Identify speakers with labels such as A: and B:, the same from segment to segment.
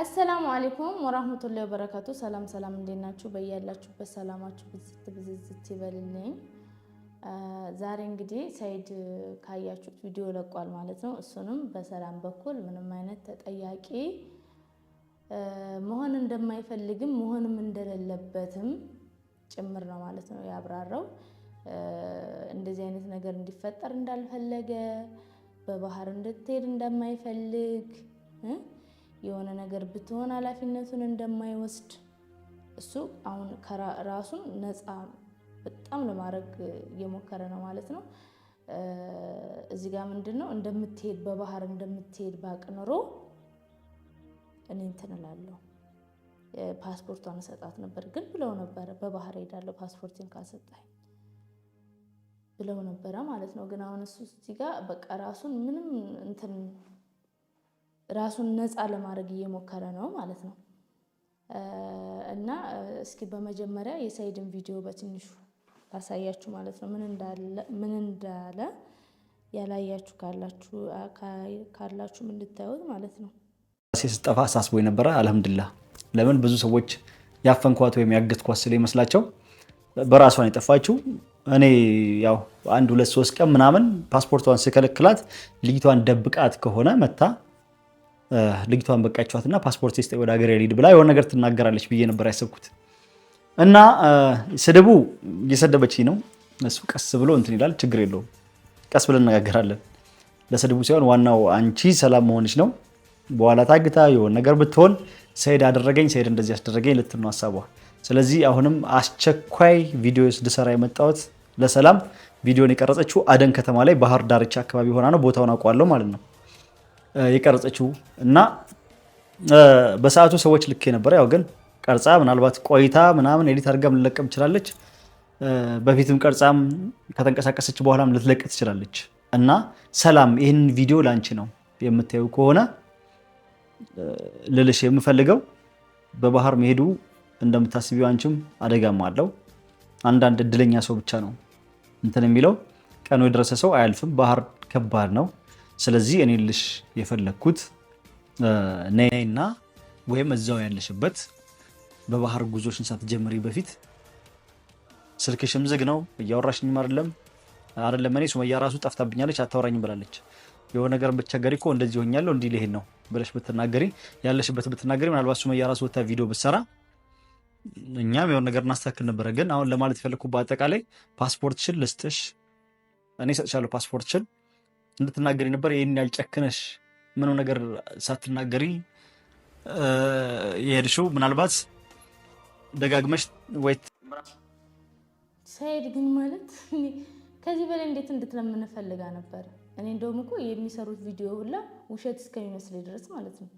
A: አሰላሙ አሌይኩም ወራህመቱላሂ ወበረካቱ። ሰላም ሰላም፣ እንዴት ናችሁ? በያላችሁበት ሰላማችሁ ብዝት ብዝዝት ይበልልኝ። ዛሬ እንግዲህ ሰኢድ ካያችሁት ቪዲዮ ለቋል ማለት ነው። እሱንም በሰላም በኩል ምንም አይነት ተጠያቂ መሆን እንደማይፈልግም መሆንም እንደሌለበትም ጭምር ነው ማለት ነው ያብራራው። እንደዚህ አይነት ነገር እንዲፈጠር እንዳልፈለገ፣ በባህር እንድትሄድ እንደማይፈልግ የሆነ ነገር ብትሆን ኃላፊነቱን እንደማይወስድ እሱ አሁን ራሱን ነፃ በጣም ለማድረግ እየሞከረ ነው ማለት ነው። እዚህ ጋር ምንድን ነው እንደምትሄድ በባህር እንደምትሄድ ባቅ ኖሮ እኔ እንትን እላለሁ ፓስፖርቷን እሰጣት ነበር፣ ግን ብለው ነበረ በባህር ሄዳለሁ ፓስፖርትን ካልሰጣኝ ብለው ነበረ ማለት ነው። ግን አሁን እሱ እዚህ ጋር በቃ ራሱን ምንም እንትን ራሱን ነፃ ለማድረግ እየሞከረ ነው ማለት ነው። እና እስኪ በመጀመሪያ የሳይድን ቪዲዮ በትንሹ ላሳያችሁ ማለት ነው። ምን እንዳለ ያላያችሁ ካላችሁም እንድታዩት ማለት ነው። ራሴ ስጠፋ አሳስቦ የነበረ አልሐምድላ። ለምን ብዙ ሰዎች ያፈንኳት ወይም ያገትኳት ስለ ይመስላቸው በራሷን የጠፋችው እኔ ያው አንድ ሁለት ሶስት ቀን ምናምን ፓስፖርቷን ስከለክላት ልጅቷን ደብቃት ከሆነ መታ ልጅቷን እና ፓስፖርት ስጠኝ ወደ ሀገር ሄድ ብላ የሆነ ነገር ትናገራለች ብዬ ነበር ያሰብኩት እና ስድቡ እየሰደበች ነው። እሱ ቀስ ብሎ እንትን ይላል። ችግር የለውም ቀስ ብለን እነጋገራለን። ለስድቡ ሲሆን ዋናው አንቺ ሰላም መሆንች ነው። በኋላ ታግታ የሆነ ነገር ብትሆን ሰይድ አደረገኝ፣ ሰይድ እንደዚህ አስደረገኝ ልትል ነው ሀሳቧ። ስለዚህ አሁንም አስቸኳይ ቪዲዮ ስድሰራ የመጣሁት ለሰላም ቪዲዮን የቀረጸችው አደን ከተማ ላይ ባህር ዳርቻ አካባቢ ሆና ነው። ቦታውን አውቀዋለሁ ማለት ነው። የቀረጸችው እና በሰዓቱ ሰዎች ልክ የነበረ ያው ግን ቀርጻ ምናልባት ቆይታ ምናምን ኤዲት አድርጋም ልለቀም ትችላለች። በፊትም ቀርጻም ከተንቀሳቀሰች በኋላም ልትለቅ ትችላለች። እና ሰላም ይህን ቪዲዮ ላንቺ ነው የምታዩ ከሆነ ልልሽ የምፈልገው በባህር መሄዱ እንደምታስቢው አንቺም አደጋም አለው። አንዳንድ እድለኛ ሰው ብቻ ነው እንትን የሚለው። ቀኑ የደረሰ ሰው አያልፍም። ባህር ከባድ ነው። ስለዚህ እኔ ልሽ የፈለግኩት ነይና ወይም እዛው ያለሽበት በባህር ጉዞሽን ሳትጀምሪ በፊት ስልክሽም ዝግ ነው፣ እያወራሽኝም አይደለም አይደለም። እኔ ሱመያ ራሱ ጠፍታብኛለች አታወራኝም ብላለች። የሆነ ነገር ብቸገሪ እኮ እንደዚህ ሆኛለሁ እንዲህ ልሄድ ነው ብለሽ ብትናገሪ ያለሽበት ብትናገሪ ምናልባት ሱመያ ራሱ ወታ ቪዲዮ ብትሰራ እኛም የሆነ ነገር እናስተካክል ነበረ። ግን አሁን ለማለት የፈለግኩ በአጠቃላይ ፓስፖርትሽን ልስጥሽ፣ እኔ እሰጥሻለሁ ፓስፖርትሽን እንድትናገሪ ነበር። ይህን ያልጨክነሽ ምንም ነገር ሳትናገሪ የሄድሽው ምናልባት ደጋግመሽ ወይት
B: ሳይድ ግን ማለት ከዚህ በላይ እንዴት እንድትለምን ፈልጋ ነበር። እኔ እንደውም እኮ የሚሰሩት ቪዲዮ ሁላ ውሸት እስከሚመስል ድረስ ማለት ነው።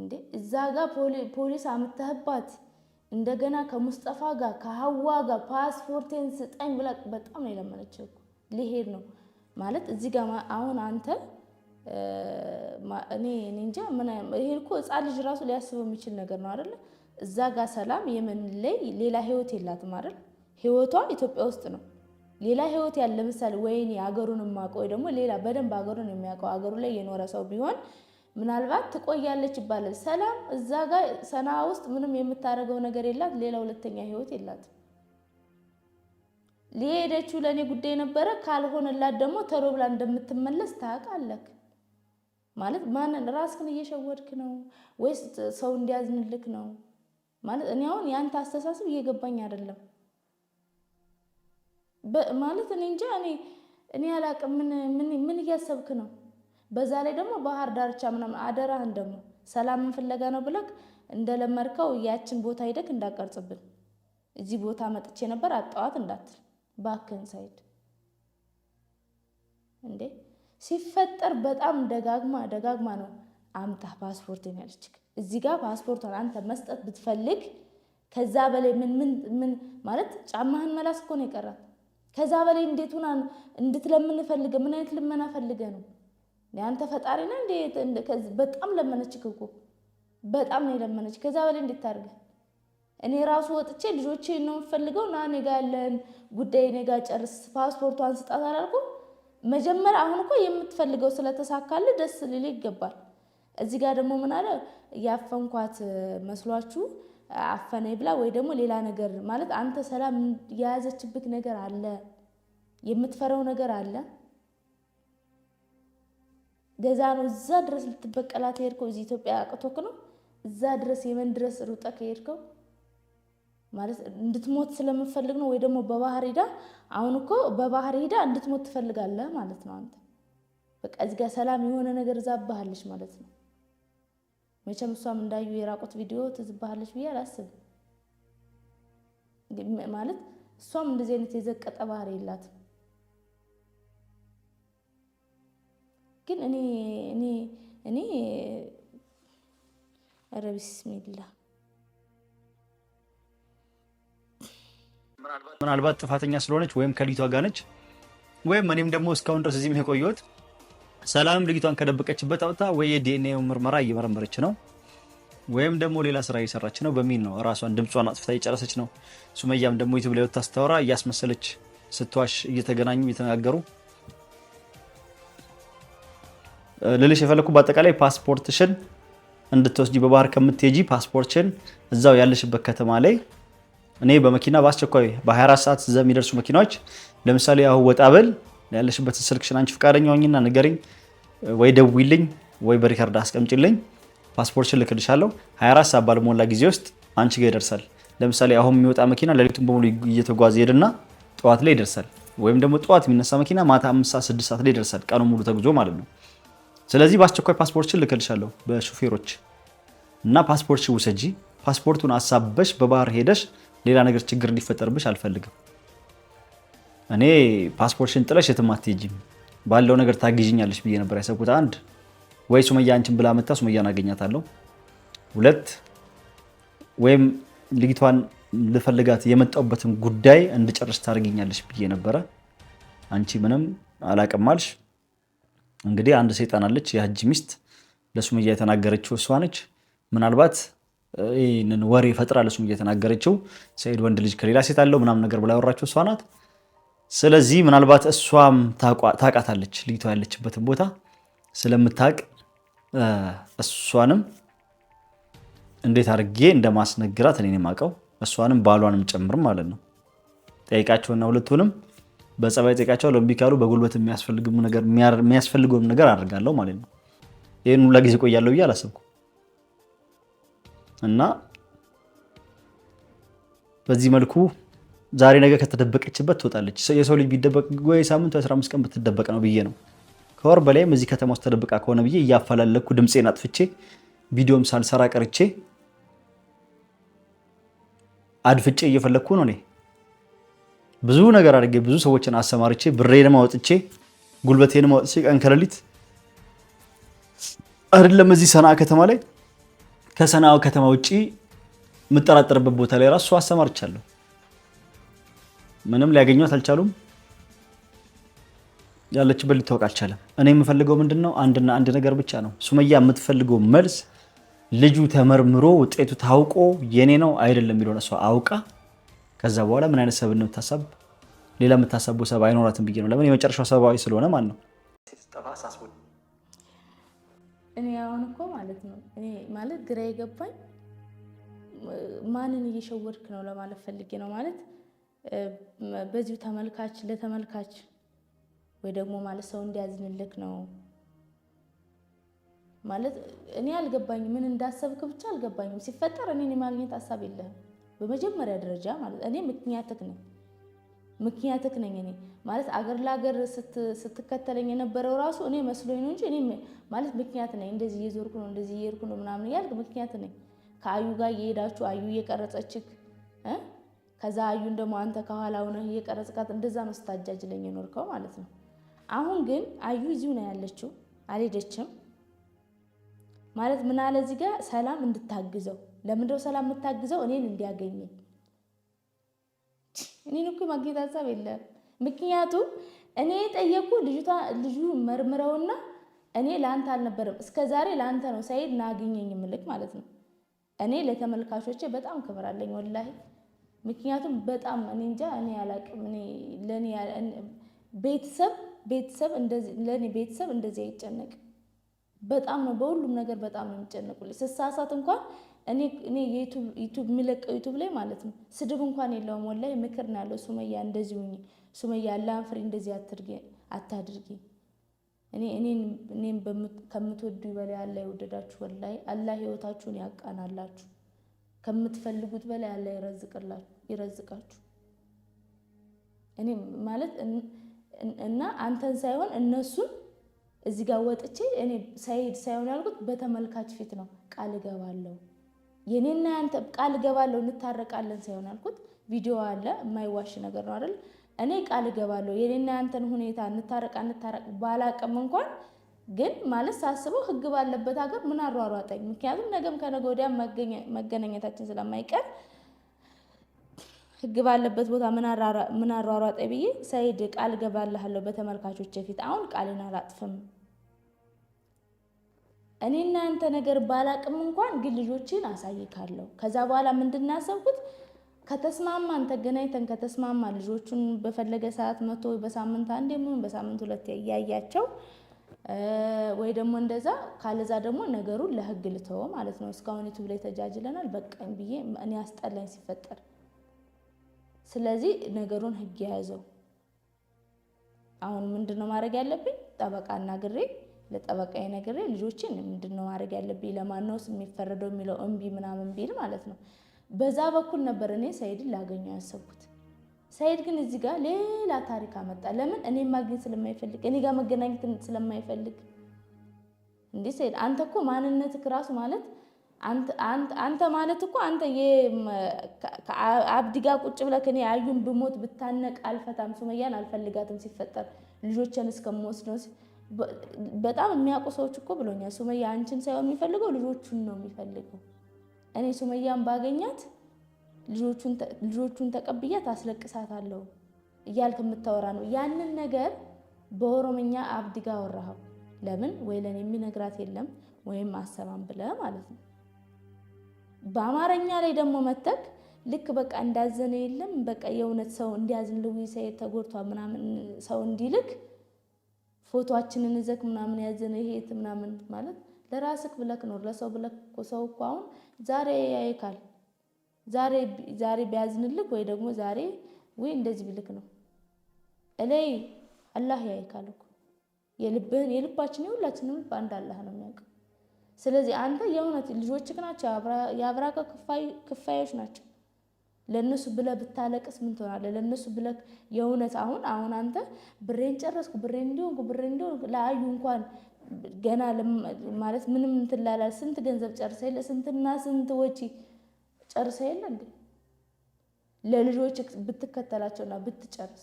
B: እንዴ እዛ ጋር ፖሊስ አምተህባት እንደገና ከሙስጠፋ ጋር ከሀዋ ጋር ፓስፖርቴን ስጠኝ ብላ በጣም ነው የለመነችው። ሊሄድ ነው ማለት እዚህ ጋ አሁን አንተ እኔ እንጃ ምን እኮ ህፃን ልጅ ራሱ ሊያስበው የሚችል ነገር ነው አይደለ? እዛ ጋ ሰላም የምን ላይ ሌላ ህይወት የላትም አይደል? ህይወቷ ኢትዮጵያ ውስጥ ነው። ሌላ ህይወት ያለ ለምሳሌ ወይኔ አገሩን የማውቀው ወይ ደግሞ ሌላ በደንብ አገሩን የሚያውቀው አገሩ ላይ የኖረ ሰው ቢሆን ምናልባት ትቆያለች ይባላል። ሰላም እዛ ጋ ሰና ውስጥ ምንም የምታደርገው ነገር የላት ሌላ ሁለተኛ ህይወት የላትም። ሊሄደችው ለእኔ ጉዳይ ነበረ። ካልሆነላት ደግሞ ተሎ ብላ እንደምትመለስ ታውቃለህ። ማለት ማንን ራስህን እየሸወድክ ነው ወይስ ሰው እንዲያዝንልክ ነው? ማለት እኔ አሁን ያንተ አስተሳሰብ እየገባኝ አይደለም። ማለት እኔ እንጃ እኔ እኔ አላቅም። ምን ምን እያሰብክ ነው? በዛ ላይ ደግሞ ባህር ዳርቻ ምናምን አደራህን ደግሞ ሰላም ፍለጋ ነው ብለክ እንደለመርከው ያችን ቦታ ሂደክ እንዳቀርጽብን እዚህ ቦታ መጥቼ ነበር አጣዋት እንዳትል ባክ ሳይድ እንዴ ሲፈጠር በጣም ደጋግማ ደጋግማ ነው አምጣ ፓስፖርት ያለች እዚህ ጋር ፓስፖርቷን አንተ መስጠት ብትፈልግ ከዛ በላይ ምን ምን ማለት ጫማህን መላስ እኮ ነው የቀራት። ከዛ በላይ እንዴት ሆና እንድትለምን ፈልገ ምን አይነት ልመና ፈልገ ነው አንተ ፈጣሪ ነህ? በጣም ለመነች እኮ በጣም ነው የለመነች። ከዛ በላይ እንዴት ታድርገህ እኔ ራሱ ወጥቼ ልጆቼ ነው የምፈልገው ና ኔጋ ያለን ጉዳይ ኔጋ ጨርስ፣ ፓስፖርቱ አንስጣት አላልኩም? መጀመሪያ አሁን እኮ የምትፈልገው ስለተሳካል ደስ ሊል ይገባል። እዚህ ጋር ደግሞ ምን አለ ያፈንኳት መስሏችሁ አፈነኝ ብላ ወይ ደግሞ ሌላ ነገር ማለት አንተ ሰላም የያዘችብክ ነገር አለ፣ የምትፈረው ነገር አለ። ገዛ ነው እዛ ድረስ ልትበቀላት የሄድከው። እዚህ ኢትዮጵያ አቅቶክ ነው እዛ ድረስ የመን ድረስ ሩጠ ከሄድከው ማለት እንድትሞት ስለምፈልግ ነው ወይ ደግሞ በባህር ሄዳ አሁን እኮ በባህር ሄዳ እንድትሞት ትፈልጋለህ ማለት ነው አንተ። በቃ እዚህ ጋር ሰላም የሆነ ነገር ዛባሃለች ማለት ነው። መቼም እሷም እንዳዩ የራቁት ቪዲዮ ትዝባሃለች ብዬ አላስብም። ማለት እሷም እንደዚህ አይነት የዘቀጠ ባህር የላትም። ግን እኔ እኔ እኔ ኧረ
A: ምናልባት ጥፋተኛ ስለሆነች ወይም ከልጅቷ ጋር ነች ወይም እኔም ደግሞ እስካሁን ድረስ እዚህም የቆየሁት ሰላም ልጅቷን ከደበቀችበት አውጥታ ወይ የዲኤንኤ ምርመራ እየመረመረች ነው ወይም ደግሞ ሌላ ስራ እየሰራች ነው በሚል ነው ራሷን ድምጿን አጥፍታ እየጨረሰች ነው። ሱመያም ደግሞ ዩቱብ ላይ ታስታወራ እያስመሰለች ስትዋሽ እየተገናኙ እየተነጋገሩ ልልሽ የፈለግኩ በአጠቃላይ ፓስፖርትሽን እንድትወስጂ በባህር ከምትሄጂ ፓስፖርትሽን እዛው ያለሽበት ከተማ ላይ እኔ በመኪና በአስቸኳይ በ24 ሰዓት እዛ የሚደርሱ መኪናዎች ለምሳሌ አሁን ወጣ በል ያለሽበትን ስልክሽን አንቺ ፈቃደኛ ሆኝና ንገሪኝ፣ ወይ ደውይልኝ፣ ወይ በሪከርድ አስቀምጭልኝ፣ ፓስፖርትሽን ልክልሻለሁ። 24 ሰዓት ባልሞላ ጊዜ ውስጥ አንቺ ጋ ይደርሳል። ለምሳሌ አሁን የሚወጣ መኪና ሌሊቱን በሙሉ እየተጓዘ ሄድና ጠዋት ላይ ይደርሳል። ወይም ደግሞ ጠዋት የሚነሳ መኪና ማታ አምስት ሰዓት ስድስት ሰዓት ላይ ይደርሳል። ቀኑ ሙሉ ተጉዞ ማለት ነው። ስለዚህ በአስቸኳይ ፓስፖርትሽን ልክልሻለሁ በሹፌሮች እና ፓስፖርትሽን ውሰጂ። ፓስፖርቱን አሳበሽ በባህር ሄደሽ ሌላ ነገር ችግር እንዲፈጠርብሽ አልፈልግም። እኔ ፓስፖርትሽን ጥለሽ የትም አትሄጂም፣ ባለው ነገር ታግዥኛለሽ ብዬ ነበር ያሰብኩት። አንድ ወይ ሱመያ አንቺን ብላ መታ ሱመያን አገኛታለሁ። ሁለት ወይም ልጅቷን ልፈልጋት የመጣሁበትን ጉዳይ እንድጨርስ ታደርግኛለሽ ብዬ ነበረ። አንቺ ምንም አላቅም አልሽ። እንግዲህ አንድ ሰይጣን አለች፣ የሀጂ ሚስት ለሱመያ የተናገረችው እሷ ነች ምናልባት ይህንን ወሬ ይፈጥራል እሱም እየተናገረችው ሰኢድ ወንድ ልጅ ከሌላ ሴት አለው ምናምን ነገር ብላ ያወራችው እሷ ናት። ስለዚህ ምናልባት እሷም ታውቃታለች ልጅቷ ያለችበትን ቦታ ስለምታውቅ እሷንም እንዴት አድርጌ እንደማስነግራት እኔ የማውቀው እሷንም ባሏንም ጨምርም ማለት ነው። ጠይቃቸውና ሁለቱንም በጸባይ ጠይቃቸው። ለእምቢ ካሉ በጉልበት የሚያስፈልገውም ነገር አደርጋለሁ ማለት ነው። ይህን ሁላ ጊዜ ቆያለሁ ብዬ አላሰብኩም። እና በዚህ መልኩ ዛሬ ነገ ከተደበቀችበት ትወጣለች። የሰው ልጅ ቢደበቅ ወይ ሳምንት ወይ 15 ቀን ብትደበቅ ነው ብዬ ነው። ከወር በላይም እዚህ ከተማ ውስጥ ተደብቃ ከሆነ ብዬ እያፈላለኩ ድምፄን አጥፍቼ ቪዲዮም ሳልሰራ ቀርቼ አድፍጬ እየፈለግኩ ነው። እኔ ብዙ ነገር አድርጌ ብዙ ሰዎችን አሰማርቼ ብሬንም አውጥቼ ጉልበቴንም አውጥቼ ቀን ከሌሊት አይደለም እዚህ ሰና ከተማ ላይ ከሰናው ከተማ ውጪ የምጠራጠርበት ቦታ ላይ ራሱ አሰማርቻለሁ። ምንም ሊያገኟት አልቻሉም። ያለችበት ሊታወቅ አልቻለም። እኔ የምፈልገው ምንድን ነው? አንድና አንድ ነገር ብቻ ነው። ሱመያ የምትፈልገው መልስ ልጁ ተመርምሮ ውጤቱ ታውቆ የኔ ነው አይደለም የሚለውን እሷ አውቃ ከዛ በኋላ ምን አይነት ሰብን የምታሳብ ሌላ የምታሳቡ ሰብ አይኖራትም ብዬ ነው። ለምን የመጨረሻው ሰብአዊ ስለሆነ ማለት ነው።
B: እኔ አሁን እኮ ማለት ነው እኔ ማለት ግራ የገባኝ ማንን እየሸወድክ ነው ለማለት ፈልጌ ነው። ማለት በዚሁ ተመልካች ለተመልካች ወይ ደግሞ ማለት ሰው እንዲያዝንልክ ነው ማለት እኔ አልገባኝም። ምን እንዳሰብክ ብቻ አልገባኝም። ሲፈጠር እኔን የማግኘት ሀሳብ የለህም በመጀመሪያ ደረጃ ማለት እኔ ምክንያትህ ነው። ምክንያትክ ነኝ እኔ ማለት አገር ለአገር ስትከተለኝ የነበረው ራሱ እኔ መስሎኝ ነው እንጂ እኔ ማለት ምክንያት ነኝ። እንደዚህ እየዞርኩ ነው እንደዚህ እየሄድኩ ነው ምናምን እያልክ ምክንያት ነኝ። ከአዩ ጋር እየሄዳችሁ አዩ እየቀረጸችክ ከዛ አዩን ደግሞ አንተ ከኋላ ሆነህ እየቀረጽካት እንደዛ ነው ስታጃጅለኝ የኖርከው ማለት ነው። አሁን ግን አዩ እዚሁ ነው ያለችው፣ አልሄደችም ማለት ምን አለ እዚህ ጋር ሰላም እንድታግዘው ለምንድነው ሰላም የምታግዘው እኔን እንዲያገኘኝ እኔን እኮ የማግኘት ሀሳብ የለም። ምክንያቱም እኔ የጠየኩ ልጅቷ ልጁ መርምረውና እኔ ለአንተ አልነበረም እስከ ዛሬ ለአንተ ነው ሳይድ ናግኘኝ ምልክ ማለት ነው። እኔ ለተመልካቾቼ በጣም ክብር አለኝ ወላሂ። ምክንያቱም በጣም እኔ እንጃ እኔ አላቅም። ቤተሰብ ቤተሰብ ለእኔ ቤተሰብ እንደዚህ አይጨነቅም። በጣም ነው በሁሉም ነገር በጣም ነው የሚጨነቁልኝ። ስሳሳት እንኳን እኔ እኔ ዩቱብ የሚለቀው ዩቱብ ላይ ማለት ነው ስድብ እንኳን የለውም። ወላሂ ምክር ነው ያለው። ሱመያ እንደዚህ ሁኚ፣ ሱመያ ፍሬ እንደዚህ አትርጊ፣ አታድርጊ። እኔ እኔም ከምትወዱ በላይ አላህ የወደዳችሁ ወላሂ፣ አላህ ህይወታችሁን ያቃናላችሁ፣ ከምትፈልጉት በላይ አላህ ይረዝቃችሁ። እኔ ማለት እና አንተን ሳይሆን እነሱን እዚህ ጋር ወጥቼ እኔ ሳይድ ሳይሆን ያልኩት በተመልካች ፊት ነው ቃል እገባለሁ። የኔና ያንተ ቃል እገባለሁ እንታረቃለን ሳይሆን አልኩት። ቪዲዮ አለ የማይዋሽ ነገር ነው አይደል? እኔ ቃል እገባለሁ የኔና ያንተን ሁኔታ እንታረቃ እንታረቅ ባላቅም እንኳን ግን ማለት ሳስበው ህግ ባለበት ሀገር ምን አሯሯጠኝ? ምክንያቱም ነገም ከነገ ወዲያ መገናኘታችን ስለማይቀር ህግ ባለበት ቦታ ምን አሯሯጠኝ ብዬ ሰይድ ቃል እገባልሃለሁ በተመልካቾች ፊት አሁን ቃልን አላጥፍም እኔ እናንተ ነገር ባላቅም እንኳን ግን ልጆችን አሳይካለሁ። ከዛ በኋላ ምንድናሰብኩት ከተስማማን ተገናኝተን ከተስማማ ልጆቹን በፈለገ ሰዓት መቶ በሳምንት አንድ የሚሆን በሳምንት ሁለት እያያቸው ወይ ደግሞ እንደዛ ካለዛ ደግሞ ነገሩን ለህግ ልተወ ማለት ነው። እስካሁን ዩቱብ ላይ ተጃጅለናል። በቃኝ ብዬ እኔ አስጠላኝ ሲፈጠር። ስለዚህ ነገሩን ህግ የያዘው አሁን ምንድን ነው ማድረግ ያለብኝ? ጠበቃ አናግሬ ለጠበቃዬ ነግሬ ልጆችን ምንድነው ማድረግ ያለብኝ ለማንስ የሚፈረደው የሚለው እምቢ ምናምን ቢል ማለት ነው። በዛ በኩል ነበር እኔ ሰይድን ላገኘው ያሰብኩት። ሰይድ ግን እዚህ ጋር ሌላ ታሪክ አመጣ። ለምን እኔ ማግኘት ስለማይፈልግ እኔ ጋር መገናኘት ስለማይፈልግ። እንዲህ ሰይድ አንተ እኮ ማንነትህ ራሱ ማለት አንተ ማለት እኮ አንተ አብዲ ጋር ቁጭ ብለህ እኔ አዩን ብሞት ብታነቅ አልፈታም፣ ሱመያን አልፈልጋትም፣ ሲፈጠር ልጆችን እስከምወስድ በጣም የሚያውቁ ሰዎች እኮ ብሎኛል። ሱመያ አንቺን ሳይሆን የሚፈልገው ልጆቹን ነው የሚፈልገው። እኔ ሱመያን ባገኛት ልጆቹን ተቀብያት አስለቅሳታለሁ እያልክ የምታወራ ነው። ያንን ነገር በኦሮምኛ አብድ ጋ አወራኸው። ለምን ወይ ለእኔ የሚነግራት የለም ወይም አሰማም ብለህ ማለት ነው። በአማርኛ ላይ ደግሞ መተክ ልክ በቃ እንዳዘነ የለም በቃ የእውነት ሰው እንዲያዝን ልዊ ሰው ተጎድቷ ምናምን ሰው እንዲልክ ፎቶአችንን ይዘክ ምናምን ያዘነ ይሄት ምናምን ማለት ለራስክ ብለክ ኖር። ለሰው ብለክ ሰው እኮ አሁን ዛሬ ያይካል። ዛሬ ዛሬ ቢያዝንልክ ወይ ደግሞ ዛሬ ወይ እንደዚህ ብልክ ነው እለይ አላህ ያይካል እኮ የልብህን የልባችን የሁላችንም ልብ አንድ አላህ ነው የሚያውቅ። ስለዚህ አንተ የእውነት ልጆችክ ናቸው፣ የአብራከ ክፋዮች ናቸው። ለእነሱ ብለ ብታለቅስ ምን ትሆናለህ? ለእነሱ ብለ የእውነት አሁን አሁን አንተ ብሬን ጨረስኩ ብሬን እንዲሆንኩ ብሬን እንዲሆንኩ ለአዩ እንኳን ገና ማለት ምንም እንትን ላላል ስንት ገንዘብ ጨርሰ የለ ስንትና ስንት ወጪ ጨርሰ የለ እንዴ ለልጆች ብትከተላቸውና ብትጨርስ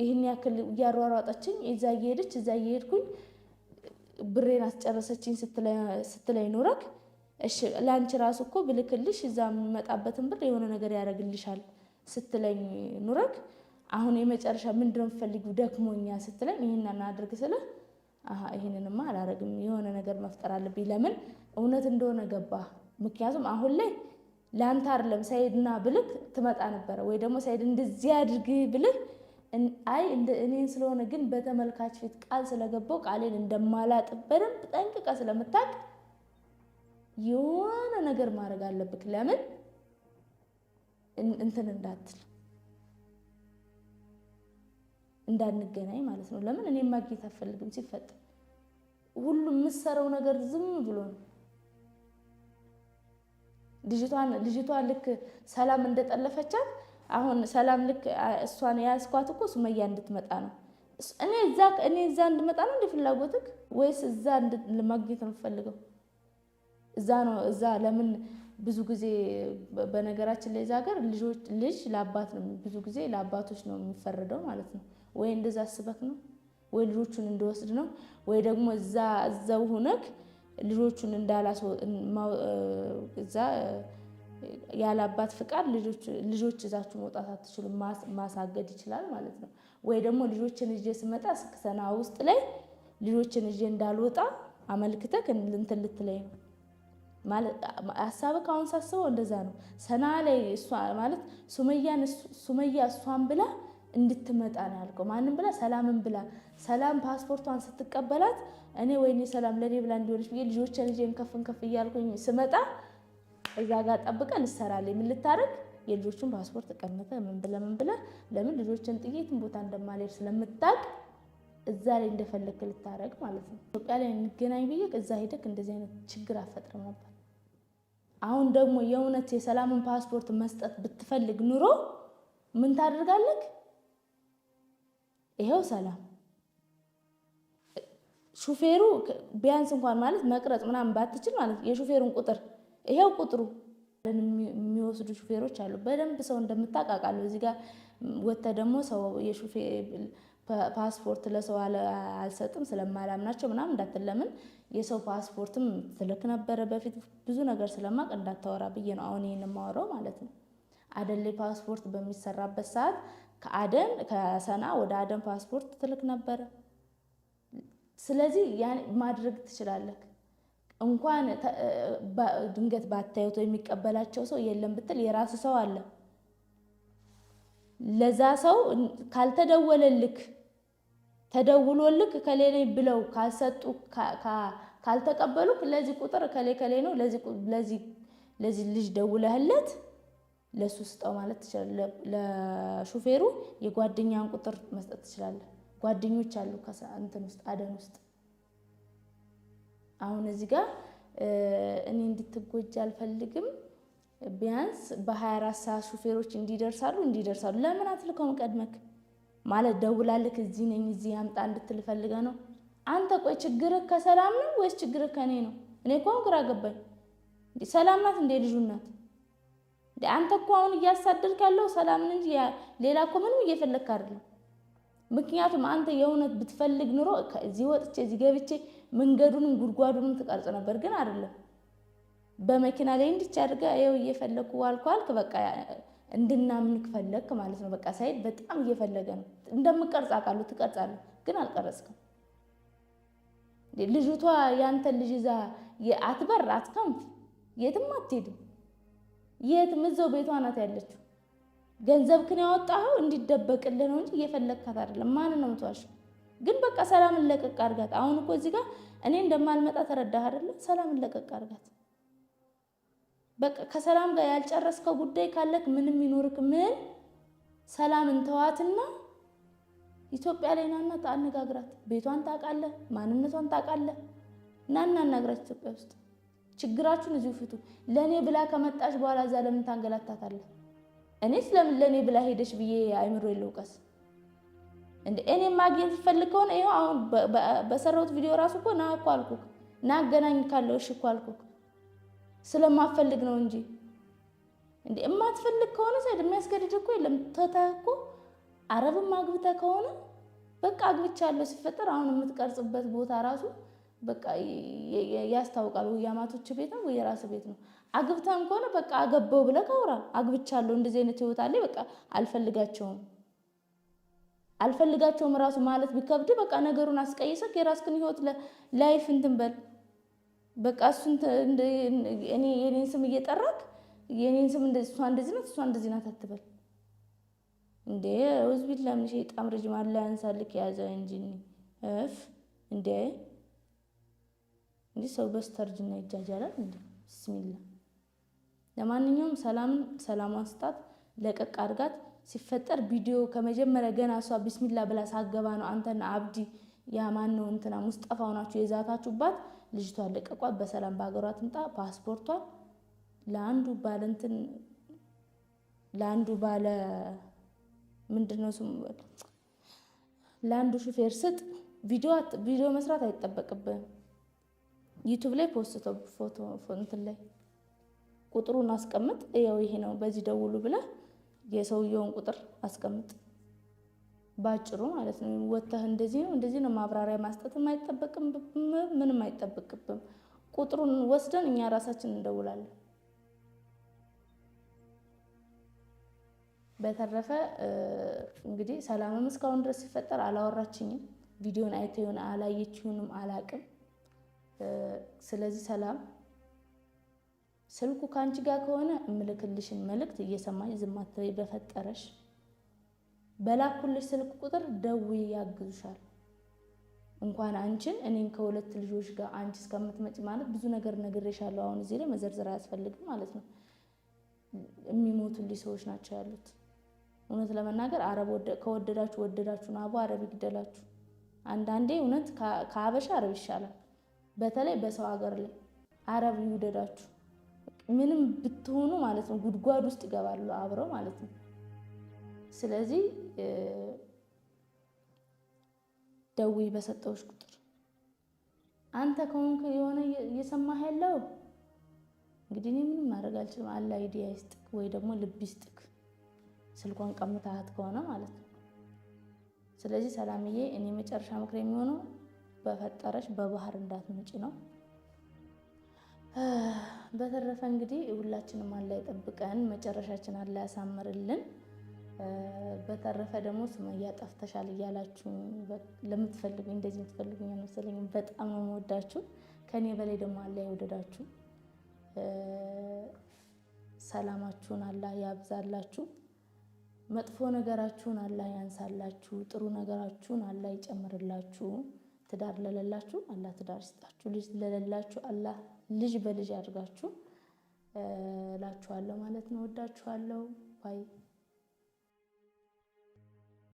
B: ይህን ያክል እያሯሯጠችኝ እዛ እየሄደች እዛ እየሄድኩኝ ብሬን አስጨረሰችኝ ስትለይ ኖረክ እሺ ለአንቺ ራሱ እኮ ብልክልሽ እዛ የምመጣበትን ብር የሆነ ነገር ያደርግልሻል ስትለኝ ኑረግ አሁን የመጨረሻ ምንድን ነው የምፈልጊው ደክሞኛ ስትለኝ ይህን አድርግ ስለ ይህንንማ አላረግም የሆነ ነገር መፍጠር አለብኝ። ለምን እውነት እንደሆነ ገባ። ምክንያቱም አሁን ላይ ለአንተ አይደለም ሳይድና ብልክ ትመጣ ነበረ ወይ ደግሞ ሳይድ እንደዚህ አድርግ ብልህ አይ እኔን ስለሆነ ግን በተመልካች ፊት ቃል ስለገባው ቃሌን እንደማላጥ በደንብ ጠንቅቀ ስለምታቅ የሆነ ነገር ማድረግ አለብክ። ለምን እንትን እንዳትል እንዳንገናኝ ማለት ነው። ለምን እኔ ማግኘት አልፈልግም። ሲፈጠር ሁሉም የምትሰራው ነገር ዝም ብሎ ነው። ልጅቷ ልክ ሰላም እንደጠለፈቻት አሁን ሰላም ልክ እሷን የያዝኳት እኮ ሱመያ እንድትመጣ ነው። እኔ እዛ እንድመጣ ነው እንደ ፍላጎትክ ወይስ እዛ ማግኘት የምፈልገው? እዛ ነው እዛ ለምን ብዙ ጊዜ በነገራችን ላይ እዛ ሀገር ልጅ ለአባት ነው ብዙ ጊዜ ለአባቶች ነው የሚፈረደው ማለት ነው። ወይ እንደዛ አስበክ ነው ወይ ልጆቹን እንደወስድ ነው ወይ ደግሞ እዛ እዛው ሆነክ ልጆቹን እንዳላስ እዛ ያለ አባት ፍቃድ ልጆች እዛችሁ መውጣት አትችሉ ማሳገድ ይችላል ማለት ነው። ወይ ደግሞ ልጆችን እጄ ስመጣ ስክሰና ውስጥ ላይ ልጆችን እጄ እንዳልወጣ አመልክተክ እንትን ልትለይ ነው ሀሳብ ከአሁን ሳስበው እንደዛ ነው። ሰና ላይ ማለት ሱመያ እሷን ብላ እንድትመጣ ነው ያልከው። ማንም ብላ ሰላምን ብላ ሰላም ፓስፖርቷን ስትቀበላት እኔ ወይኔ ሰላም ለእኔ ብላ እንዲሆነች ብዬ ልጆቼ ልጄን ከፍን ከፍ እያልኩኝ ስመጣ እዛ ጋር ጠብቀ ልሰራል ምን ልታረግ የልጆቹን ፓስፖርት ቀምተ ምን ብለ ምን ብለ ለምን ልጆችን ጥቂትን ቦታ እንደማልሄድ ስለምታቅ እዛ ላይ እንደፈለግክ ልታረግ ማለት ነው። ኢትዮጵያ ላይ እንገናኝ ብዬ እዛ ሄደክ እንደዚህ አይነት ችግር አፈጥርም ነበር። አሁን ደግሞ የእውነት የሰላምን ፓስፖርት መስጠት ብትፈልግ ኑሮ ምን ታደርጋለህ? ይኸው ሰላም ሹፌሩ ቢያንስ እንኳን ማለት መቅረጽ ምናምን ባትችል ማለት የሹፌሩን ቁጥር ይሄው ቁጥሩ የሚወስዱ ሹፌሮች አሉ። በደንብ ሰው እንደምታቃቃሉ እዚህ ጋር ወጥተህ ደግሞ ሰው የሹፌ ፓስፖርት ለሰው አልሰጥም ስለማላምናቸው ምናምን እንዳትለምን የሰው ፓስፖርትም ትልክ ነበረ በፊት ብዙ ነገር ስለማቅ እንዳታወራ ብዬ ነው አሁን ይህን የማወራው ማለት ነው። አደን ላይ ፓስፖርት በሚሰራበት ሰዓት ከአደን ከሰና ወደ አደን ፓስፖርት ትልክ ነበረ። ስለዚህ ማድረግ ትችላለህ። እንኳን ድንገት ባታዩቶ የሚቀበላቸው ሰው የለም ብትል የራሱ ሰው አለ። ለዛ ሰው ካልተደወለልክ ተደውሎልክ ከሌ ነኝ ብለው ካልሰጡ ካልተቀበሉክ ለዚህ ቁጥር ከሌ ከሌ ነው ለዚህ ልጅ ደውለህለት ለእሱ ስጠው ማለት ትችላለህ። ለሹፌሩ የጓደኛን ቁጥር መስጠት ትችላለህ። ጓደኞች አሉ ከእንትን ውስጥ አደን ውስጥ። አሁን እዚህ ጋር እኔ እንድትጎጂ አልፈልግም። ቢያንስ በ24 ሰዓት ሹፌሮች እንዲደርሳሉ እንዲደርሳሉ ለምን አትልከውም ቀድመክ ማለት ደውላልክ እዚህ ነኝ እዚህ አምጣ እንድትል ፈልገ ነው። አንተ ቆይ ችግርህ ከሰላም ነው ወይስ ችግርህ ከኔ ነው? እኔ እኮ አሁን ግራ ገባኝ። ሰላም ናት እንዴ ልጁ ናት? አንተ እኮ አሁን እያሳደድክ ያለው ሰላምን እንጂ ሌላ እኮ ምንም እየፈለግክ አይደለም። ምክንያቱም አንተ የእውነት ብትፈልግ ኑሮ እዚህ ወጥቼ እዚህ ገብቼ መንገዱንም ጉድጓዱንም ትቀርጽ ነበር፣ ግን አይደለም በመኪና ላይ እንዲቻ አድርጋ ይኸው እየፈለግኩ በቃ እንድናምን ፈለግክ ማለት ነው። በቃ ሳይድ በጣም እየፈለገ ነው። እንደምቀርጽ አውቃለሁ፣ ትቀርጻለህ፣ ግን አልቀረጽክም። ልጅቷ ያንተን ልጅ ይዛ አትበር፣ አትከንፍ፣ የትም አትሄድም። የትም እዛው ቤቷ ናት ያለችው። ገንዘብክን ያወጣኸው እንዲደበቅልህ ነው እንጂ እየፈለግካት አይደለም። ማን ነው የምትዋሸው? ግን በቃ ሰላምን ለቀቅ አድርጋት። አሁን እኮ እዚህ ጋር እኔ እንደማልመጣ ተረዳህ አይደለ? ሰላምን ለቀቅ አድርጋት። በቃ ከሰላም ጋር ያልጨረስከው ጉዳይ ካለክ ምንም ይኖርክ ምን ሰላም እንተዋትና ኢትዮጵያ ላይ ናና አነጋግራት። ቤቷን ታውቃለህ፣ ማንነቷን ታውቃለህ። ናና አናግራት። ኢትዮጵያ ውስጥ ችግራችሁን እዚሁ ፍቱ። ለእኔ ብላ ከመጣች በኋላ እዛ ለምን ታንገላታታለህ? እኔ ስለምን ለእኔ ብላ ሄደች ብዬ አይምሮ የለውቀስ እንደ እኔ ማግኘት ትፈልግ ከሆነ ይኸው አሁን በሰራሁት ቪዲዮ ራሱ እኮ ና እኮ አልኩህ። ና አገናኝ ካለው እሺ እኮ አልኩህ። ስለማፈልግ ነው እንጂ እንዴ የማትፈልግ ከሆነ ሳይድ የሚያስገድድ እኮ የለም። ተተህ እኮ አረብም አግብተህ ከሆነ በቃ አግብቻለሁ ሲፈጠር አሁን የምትቀርጽበት ቦታ ራሱ በቃ ያስታውቃል። ወይ ያማቶች ቤት ነው ወይ የራስ ቤት ነው። አግብታም ከሆነ በቃ አገባው ብለህ ካውራ አግብቻለሁ፣ እንደዚህ አይነት ህይወት አለ፣ በቃ አልፈልጋቸውም አልፈልጋቸውም ራሱ ማለት ቢከብድ በቃ ነገሩን አስቀይሰህ የራስክን ህይወት ላይፍ እንትን በል። በቃ እሱን እኔ የኔን ስም እየጠራክ የኔን ስም እሷ እንደዚህ ናት እሷ እንደዚህ ናት አትበል እንዴ። ውዝቢት ለምን ሸይጣም ረጅም አላ ያንሳልክ የያዘ እንጂ እፍ እንዴ እንዲህ ሰው በስተርጅና ይጃጃላል እንዴ? ብስሚላ። ለማንኛውም ሰላምን ሰላሟን ስጣት፣ ለቀቅ አድርጋት። ሲፈጠር ቪዲዮ ከመጀመሪያ ገና እሷ ቢስሚላ ብላ ሳገባ ነው አንተና አብዲ ያማን ነው እንትና ሙስጠፋ ሆናችሁ የዛታችሁባት ልጅቷን ለቀቋት፣ በሰላም በሀገሯ ትምጣ። ፓስፖርቷን ለአንዱ ባለ እንትን ለአንዱ ባለ ምንድን ነው ስሙ ለአንዱ ሹፌር ስጥ። ቪዲዮ መስራት አይጠበቅብን ዩቱብ ላይ ፖስቶ ፎቶ እንትን ላይ ቁጥሩን አስቀምጥ። ያው ይሄ ነው በዚህ ደውሉ ብለህ የሰውየውን ቁጥር አስቀምጥ። ባጭሩ ማለት ነው። ወተህ እንደዚህ ነው እንደዚህ ነው ማብራሪያ ማስጠት አይጠበቅም፣ ምንም አይጠበቅብም። ቁጥሩን ወስደን እኛ ራሳችን እንደውላለን። በተረፈ እንግዲህ ሰላምም እስካሁን ድረስ ሲፈጠር አላወራችኝም። ቪዲዮን አይተውን አላየችውንም አላቅም። ስለዚህ ሰላም ስልኩ ከአንቺ ጋር ከሆነ እምልክልሽን መልእክት እየሰማኝ ዝም አትበይ በፈጠረሽ። በላኩልሽ ስልክ ቁጥር ደውይ ያግዙሻል። እንኳን አንቺን እኔን ከሁለት ልጆች ጋር አንቺ እስከምትመጪ ማለት ብዙ ነገር ነግሬሻለሁ። አሁን እዚህ ላይ መዘርዘር አያስፈልግም ማለት ነው። የሚሞቱልኝ ሰዎች ናቸው ያሉት። እውነት ለመናገር አረብ ከወደዳችሁ ወደዳችሁ ነው። አቦ አረብ ይግደላችሁ። አንዳንዴ እውነት ከአበሻ አረብ ይሻላል። በተለይ በሰው ሀገር ላይ አረብ ይውደዳችሁ። ምንም ብትሆኑ ማለት ነው ጉድጓድ ውስጥ ይገባሉ አብረው ማለት ነው። ስለዚህ ደውይ በሰጠውሽ ቁጥር አንተ ከሆንክ የሆነ እየሰማህ ያለው እንግዲህ እኔ ምንም ማድረግ አልችልም። አለ አይዲያ ይስጥክ ወይ ደግሞ ልብ ይስጥክ፣ ስልኳን ቀምታት ከሆነ ማለት ነው። ስለዚህ ሰላምዬ፣ እኔ መጨረሻ ምክር የሚሆነው በፈጠረሽ በባህር እንዳትመጪ ነው። በተረፈ እንግዲህ ሁላችንም አላ ይጠብቀን፣ መጨረሻችን አላ ያሳምርልን። በተረፈ ደግሞ ሱመያ ጠፍተሻል እያላችሁ ለምትፈልጉ እንደዚህ የምትፈልጉኝ አልመሰለኝም። በጣም ነው የምወዳችሁ። ከእኔ በላይ ደግሞ አላህ የወደዳችሁ ሰላማችሁን አላህ ያብዛላችሁ። መጥፎ ነገራችሁን አላህ ያንሳላችሁ። ጥሩ ነገራችሁን አላህ ይጨምርላችሁ። ትዳር ለሌላችሁ አላህ ትዳር ይስጣችሁ። ልጅ ለሌላችሁ አላህ ልጅ በልጅ ያድርጋችሁ እላችኋለሁ ማለት ነው። ወዳችኋለሁ ባይ